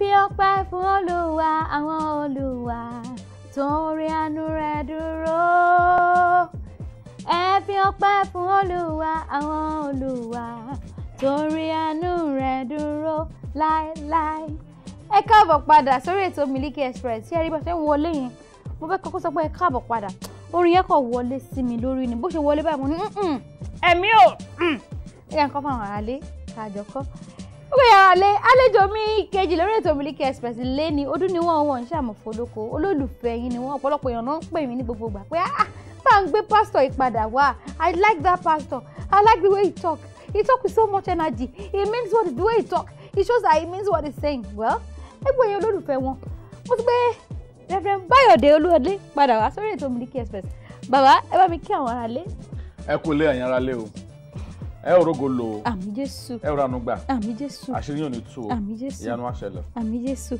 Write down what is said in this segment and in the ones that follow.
fi ọpẹ́ fún olúwa àwọn olúwa tó ń rí àánú rẹ̀ dúró. ẹ fi ọpẹ́ fún olúwa àwọn olúwa tó ń rí àánú rẹ̀ dúró láéláé. ẹ káàbọ̀ padà sórí ètò Miliki Express tí ẹ rí bá ṣe ń wọlé yẹn mo fẹ́ kọ́kọ́ sọ pé ẹ káàbọ̀ padà orin yẹn kò wọlé sí mi lórí ni bó ṣe wọlé báyìí mo ní ẹ̀mí ò mm. ẹ̀yà nǹkan fún àwọn aráalé káàjọ kọ́ ó pè yàrá lé àlejò mi kejì lórí ètò Miliki Express lé ní ọdún ni wọ́n wọ́n ń ṣàmùfọ́dókò olólùfẹ́ yín ni wọ́n ọ̀pọ̀lọpọ̀ èèyàn náà ń pè mí ní gbogbo ìgbà pé ah bá ń gbé pastor ìpadà wá I like that pastor I like the way he talk he talk with so much energy he means what the way he talk he shows that he means what he's saying well ẹgbẹ́ yẹn olólùfẹ́ wọn mo ti gbé Reverend Bayọ̀dé Olúwọlé padà wá sórí ètò Miliki Express bàbá ẹ bá mi kí àwọn aráalé. ẹ kú lé àyàn aráalé o ẹ ò rogo lò ó àmì jésù ẹ ò ranú gbà àmì jésù àṣírí yóò ní tú o àmì jésù ìyanu á àmì jésù.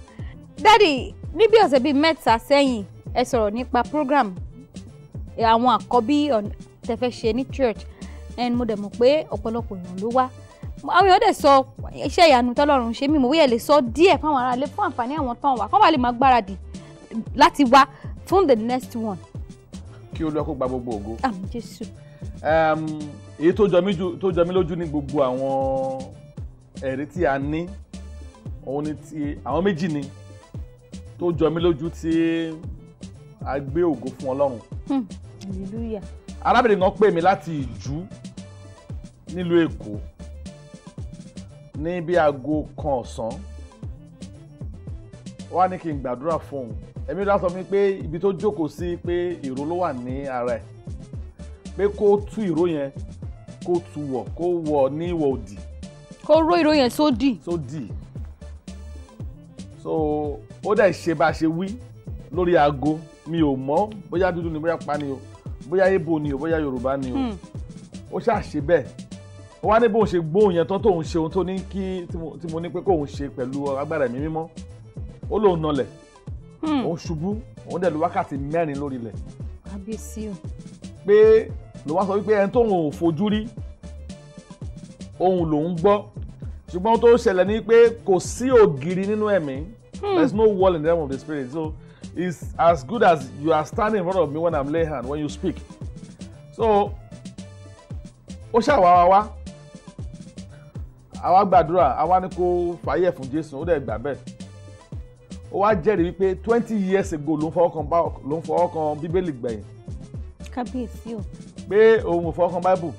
dádì ní ọ̀sẹ̀ bíi mẹ́ta sẹ́yìn ẹ sọ̀rọ̀ nípa program àwọn àkọ́bí tẹ́fẹ́ ṣe ní church ẹni mo dẹ̀ mọ̀ pé ọ̀pọ̀lọpọ̀ èèyàn ló wá àwọn èèyàn dẹ̀ sọ iṣẹ́ ìyanu tọ́lọ́run ṣe mí mo wíyẹ̀ lè sọ díẹ̀ fáwọn aráalé fún àǹfààní àwọn tán wà kọ́ bá máa gbáradì láti wá fún the next one kí olúwa kó gba gbogbo ògo. àmín jésù. èyí tó jọ mí lójú ní gbogbo àwọn ẹ̀rí tí a ní òun ni ti àwọn méjì ni tó jọ mí lójú tí a gbé ògo fún ọlọ́run. Hmm, hallelujah. arábìnrin kan pè mí láti ìjú nílùú èkó ní bí aago kan ọ̀sán wá ní kí n gbàdúrà fún òun ẹ̀mí dá sọ mi pé ibi tó jókòó sí pé ìró ló wà ní ara ẹ̀ pé kó tú ìró yẹn kó tú wọ̀ kó wọ̀ ní ìwọ̀ òdì. kó ró ìró yẹn sódì. sódì so ó dẹ̀ ṣe bá a ṣe wí lórí aago mi ò mọ̀ bóyá dúdú ni bóyá pa ni o bóyá ibo ni o bóyá yorùbá ni o hmm. ó ṣáà ṣe bẹ́ẹ̀ ó wá ní bóun ṣe gbóhùn yẹn tán tóun ṣe ohun tó ní kí tí mo ní pé kóun ṣe pẹ̀lú agbára ẹ̀mí mímọ́ ó lóun nọlẹ̀ òun hmm. ṣubú òun dẹ̀ lu wákàtí mẹ́rin lórí ilẹ̀. kábíyèsí o. pé ló wá sọ wípé ẹni tóun ò fojú rí òun lòún gbọ́ ṣùgbọ́n tó ṣẹlẹ̀ ni pé kò sí ògiri nínú ẹ̀mí hmm. there is no wall in the realm of the spirit so it's as good as you are standing in front of me when i'm laying hand when you speak so ó ṣàwáwá wá àwa gbàdúrà àwa ni kò fàyè fún Jésù ó dẹ̀ gbà bẹ́ẹ̀ ó wá jẹ́rìí wípé twenty years ago ló ń fọwọ́ kan ló ń fọwọ́ kan bíbélì gbẹ̀yìn. kábíyèsí o. pé òun ò fọwọ́ kan bible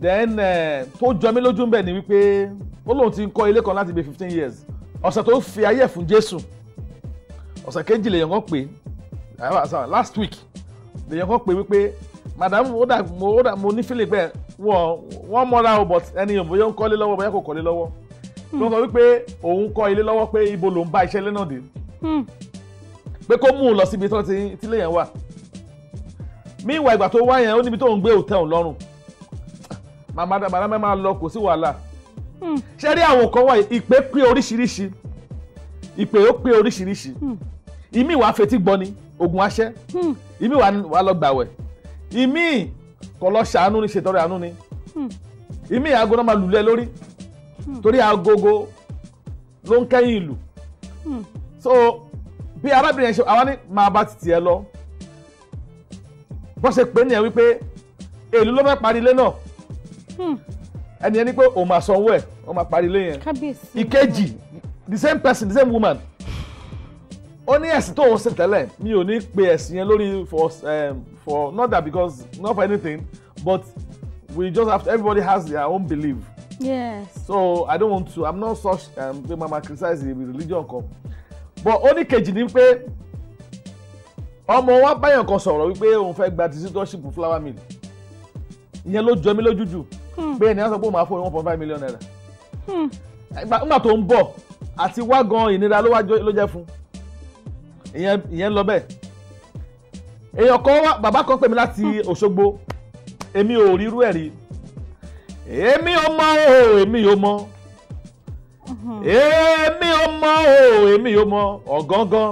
then eh, tó jọ mí lójú ń bẹ̀ ni wípé ó lóun ti ń kọ́ ilé kan láti bíi fifteen years ọ̀sẹ̀ tó fi ayé ẹ̀ fún jésù ọ̀sẹ̀ kejì lèèyàn kan pé last week lèèyàn kan pé wípé madam ó dà mo ní feeling pé wọ́n mọ́ra o but ẹni yòǹbó yóò ń kọ́lé lọ́wọ́ bóyá kò kọ́lé lọ́wọ́ tó sọ wípé òun kọ́ ilé lọ́wọ́ pé ibo lòun bá iṣẹ́ ilé náà dé hmm. pé kó mú un lọ síbi tó ti yẹn wà meanwhile ìgbà tó wá yẹn ó níbi tó ń gbé hòtẹ́ẹ̀lì lọ́rùn màmá màmá máa lọ kò sí wàhálà hmm. ṣé rí àwọn kan wà ìpè pé oríṣiríṣi ìpè ó pé oríṣiríṣi hmm. ìmí wàá fetí gbọ́ni ogun aṣẹ́ ìmí wàá lọ gbàwẹ̀ ìmí kọ̀ lọ ṣàánú ni ṣètọrẹ àánú ni ìmí àgọ́nà máa lùlẹ̀ lórí torí agogo ló ń kẹ́yìn ìlù hmm. so bí arábìnrin yẹn ṣe àwa ní máa bá títì ẹ lọ bó ṣe pé nìyẹn wípé èlò ló fẹ́ parí ilé náà hmm. ẹni ẹni pé òun máa sanwó ẹ̀ òun máa parí ilé yẹn ìkejì the same person the same woman ó ní ẹ̀sìn tó ń ṣe tẹ́lẹ̀ mi ò ní pe ẹ̀sìn yẹn lórí for um, for not that because not for anything but we just have to everybody has their own belief. Yes. So I don't want to I'm not such um, pé mama criticize the religion kan but only kejì ni pé ọmọ wa báyọ̀ kan sọ̀rọ̀ wípé òun fẹ́ gba dictatorship flower mill ìyẹn ló jọ mí lójú jù pé hmm. ènìyàn sọ pé òun máa fún one point five million naira nígbà hmm. tó ń bọ̀ àti wá gan ìnira ló jẹ́ fún ìyẹn ń lọ bẹ́ẹ̀ èèyàn kan wá bàbá kan pè mí láti hmm. Òṣogbo èmi ò rí irú ẹ̀ rí èmi ò mọ̀ o èmi ò mọ̀ uh-huh. èmi ò mọ̀ o èmi ò mọ̀ ọ̀gángán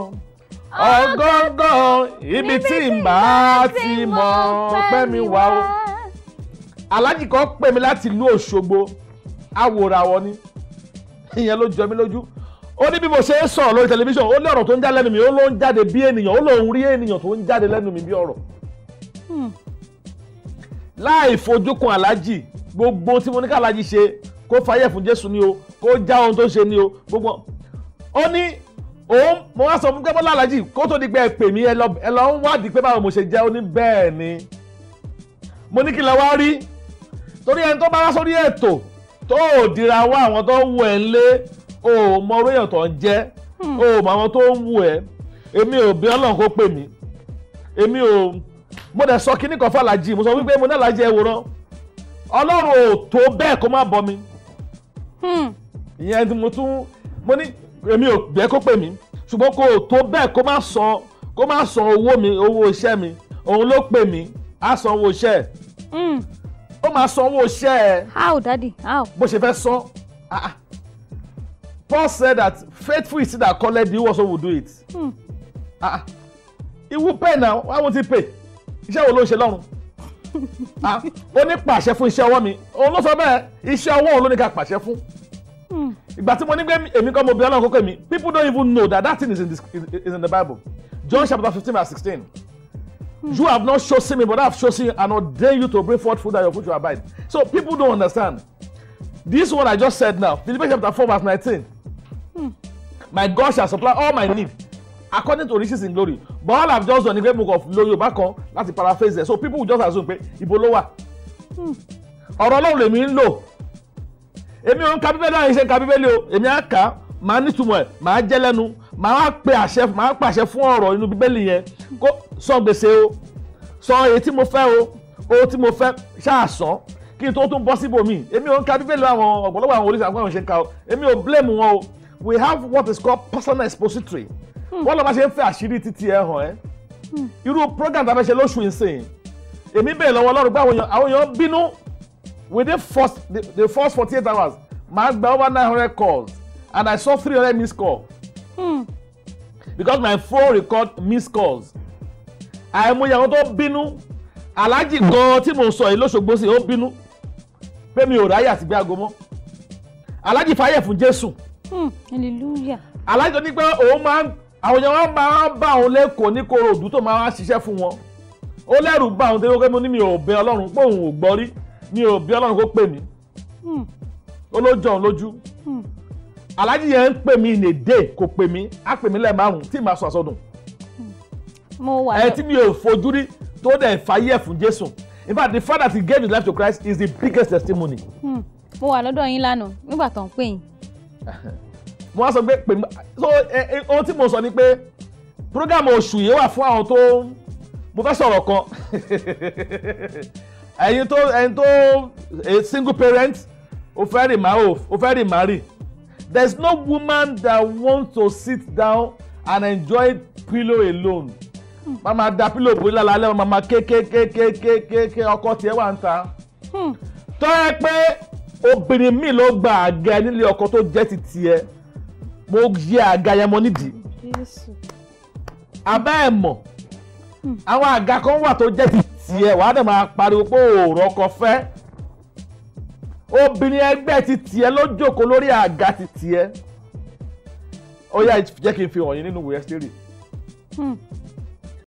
ọ̀gángán ibi tí n bá ti mọ̀ pẹ́ mi wá o alájì kan pè mí láti ìlú Òṣogbo awòràwọ̀ ni ìyẹn ló jọ mí lójú ó ní bí mo ṣe ń sọ̀rọ̀ lórí tẹlifíṣàn ó ní ọ̀rọ̀ tó ń já lẹ́nu mi ó ló ń jáde bí ènìyàn ó lóun rí ènìyàn tó ń jáde lẹ́nu mi bí ọ̀rọ̀ hmm. láì fojú kun aláàjì gbogbo tí mo ní kálájí ṣe kó fàyè fún jésù ni o kó já ohun tó ṣe ni o gbogbo ó ní òun mo wá sọ fún pé bọ́lá alájì kó tó di pé ẹ pè mí ẹ lọ ń wádìí pé báwo mo ṣe jẹ́ ó ní bẹ́ẹ̀ ni mo ní kí lẹ wá rí torí ẹni tó bá wá sórí ètò tó ò dira wá àwọn tó ń wù ẹ́ ńlé o ò mọ orí èèyàn tó ń jẹ́ o ò mọ àwọn tó ń wù ẹ́ èmi ò bí ọlọ́run kó pè mí èmi ò mo dẹ̀ sọ kíní kan fún alájì mo sọ wípé mo ní alájì ẹ wòran ọlọ́run ò tó bẹ́ẹ̀ kó má bọ mi. Hmm. ìyẹn ni mo tún mo ní èmi ò gbẹ́ kó pè mí ṣùgbọ́n kò tó bẹ́ẹ̀ kó má sọ kó má sọ owó mi owó iṣẹ́ mi òun ló pè mí á san owó iṣẹ́ ẹ̀ hmm. ó máa san owó iṣẹ́ ẹ̀. how daddy how. bó ṣe fẹ́ sọ ah, ah. Paul said that faithful is he that calleth thee also will do it. Hmm. Ah, he will pay now why won't he pay? iṣẹ́ wo ló ń ṣe lọ́run. Ah, ó ní pàṣẹ fún iṣẹ́ ọwọ́ mi òun ló sọ bẹ́ẹ̀ iṣẹ́ ọwọ́ òun ló ní ká pàṣẹ fún hmm. ìgbà tí mo ní gbé èmi kọ́ mo bí ọlọ́run kókó mi people don't even know that that thing is in, this, is in the Bible John chapter fifteen verse sixteen hmm. you have not chosen me but I have chosen and ordained you to bring forth food that your food shall abide so people don't understand this one I just said now Philippians chapter four verse nineteen hmm. my God shall supply all my need according to riches in glory but all i've just done ni pé mo kàn lo yorùbá kan láti paraphrase there. so people will just assume pé ibo ló wà hmm. ọ̀rọ̀ ọlọ́run lèmi ń lò èmi ò ń ka bíbélì àyè ṣe ń ka bíbélì o èmi á kà á màá nítumọ̀ ẹ̀ màá jẹ́ lẹ́nu màá pe àṣẹ màá pàṣẹ fún ọ̀rọ̀ inú bíbélì yẹn kó sọ gbèsè o sọ èyí tí mo fẹ́ o owó tí mo fẹ́ ṣáà kí n tó tún bọ́ síbò míì èmi ò ń ka bíbélì àwọn ọ̀pọ̀lọpọ̀ àwọn oríṣi àwọn ọ̀ṣẹ̀ ń ka o èmi ò blame wọn o we have what is called personal expository Hmm. wọ́n lọ́ bá ṣe ń fẹ́ àṣírí títí ẹ̀ hàn ẹ́ hmm. irú program tàbí ṣe lóṣù ìsìn èmi bẹ́ẹ̀ lọ́wọ́ ọlọ́run pé àwọn èèyàn bínú within first the, the first forty eight hours màá gba over nine hundred calls and I saw three hundred missed calls hmm. because my phone record missed calls àìmọye àwọn tó bínú aláàjì gan tí mò ń sọ yìí lóṣogbo sí ó bínú pé mi ò ráyè àti gbé aago mọ́ aláàjì fàyè fún Jésù. Hmm. hallelujah. aláàjì tó ní pé òun máa ń àwọn èèyàn wọn máa ń bá òun lẹ́kọ̀ọ́ ní Kòròdú tó máa ń ṣiṣẹ́ fún wọn ó lẹ́rù bá òun déwọ́ pé mo ní mi ò bẹ Ọlọ́run pé òun ò gbọ́ rí mi ò bẹ Ọlọ́run kó pè mí hmm. ó ló jọ òun lójú hmm. aláàjì yẹn ń pè mí in a day kò pè mí á pè mí lẹ́ẹ̀márùn tí màá sọ àsọdùn hmm. ẹ tí mi ò fojú rí tó dẹ̀ fàyè fún Jésù in fact the father that gave his life to Christ is the biggest testimony. mo wà lọ́dọ̀ yín lánàá nígbà tó ń pè yín mo wá sọ pé pè so ohun tí mo sọ ni pé program oṣù yìí wà fún àwọn tó mo fẹ́ sọ̀rọ̀ kan ẹ̀yin tó ẹ̀yin tó single parent o fẹ́ rìn máa o fẹ́ rìn máa rìn there is no woman that wants to sit down and enjoy pillow alone mama da pillow bo lálalẹ́ mama kékékékékéké ọkọ tiẹ̀ wà ń ta hmm. tọ́ ẹ pé obìnrin mi ló gba àgẹ nílé ọkọ tó jẹ́ ti tiẹ̀ mo yẹ àga yẹn mọ nídìí abẹ́ ẹ̀ mọ̀ hmm. àwọn àga kan wà tó jẹ́ ti tiẹ̀ wàá dẹ̀ máa pariwo pé òòrọ̀ ọkọ fẹ́ obìnrin ẹgbẹ́ ti tiẹ̀ ló jókòó lórí àga ti tiẹ̀ ó yá jẹ́ kí n fi hàn yín nínú ìwé